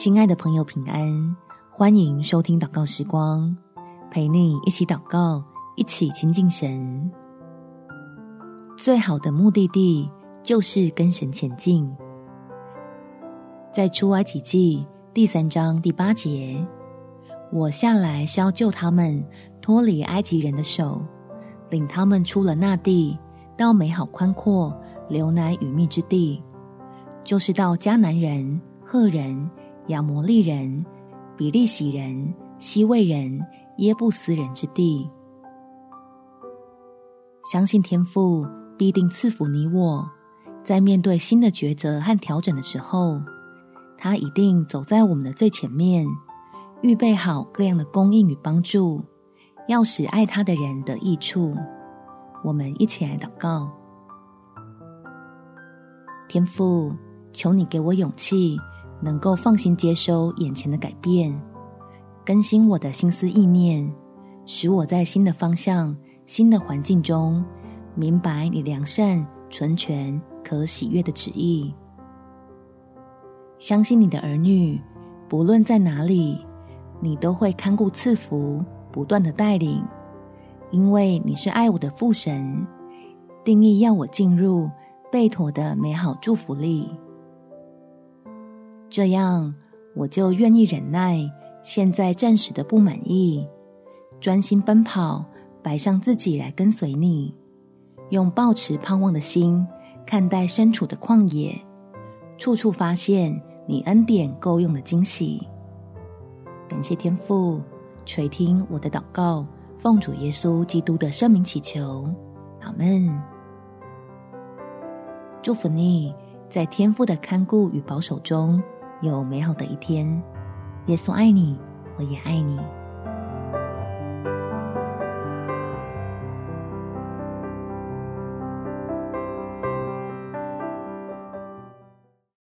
親愛的朋友，平安！歡迎收聽禱告時光，陪你一起禱告，一起親近神。最好的目的地就是跟神前進。在出埃及記第三章第八節，我下來是要救他們脫離埃及人的手，領他們出了那地，到美好寬闊、流奶與蜜之地，就是到迦南人、赫人。亞摩利人、比利洗人、希未人、耶布斯人之地，相信天父必定賜福你我。在面對新的抉擇和調整的時候，他一定走在我們的最前面，預備好各樣的供應與幫助，要使愛他的人得益處。我們一起來禱告：天父，求你給我勇氣。能夠放心接收眼前的改變，更新我的心思意念，使我在新的方向、新的環境中，明白你良善、純全、可喜悅的旨意。相信你的兒女，不論在哪裡，你都會看顧賜福，不斷的帶領，因為你是愛我的父神，定意要我進入備妥的美好祝福裡。這樣，我就願意忍耐現在暫時的不滿意，專心奔跑，擺上自己來跟隨你，用抱持盼望的心看待身處的曠野，處處發現你恩典夠用的驚喜。感謝天父垂聽我的禱告，奉主耶穌基督的聖名祈求，阿門。祝福你，在天父的看顧與保守中。有美好的一天，耶穌愛你，我也愛你。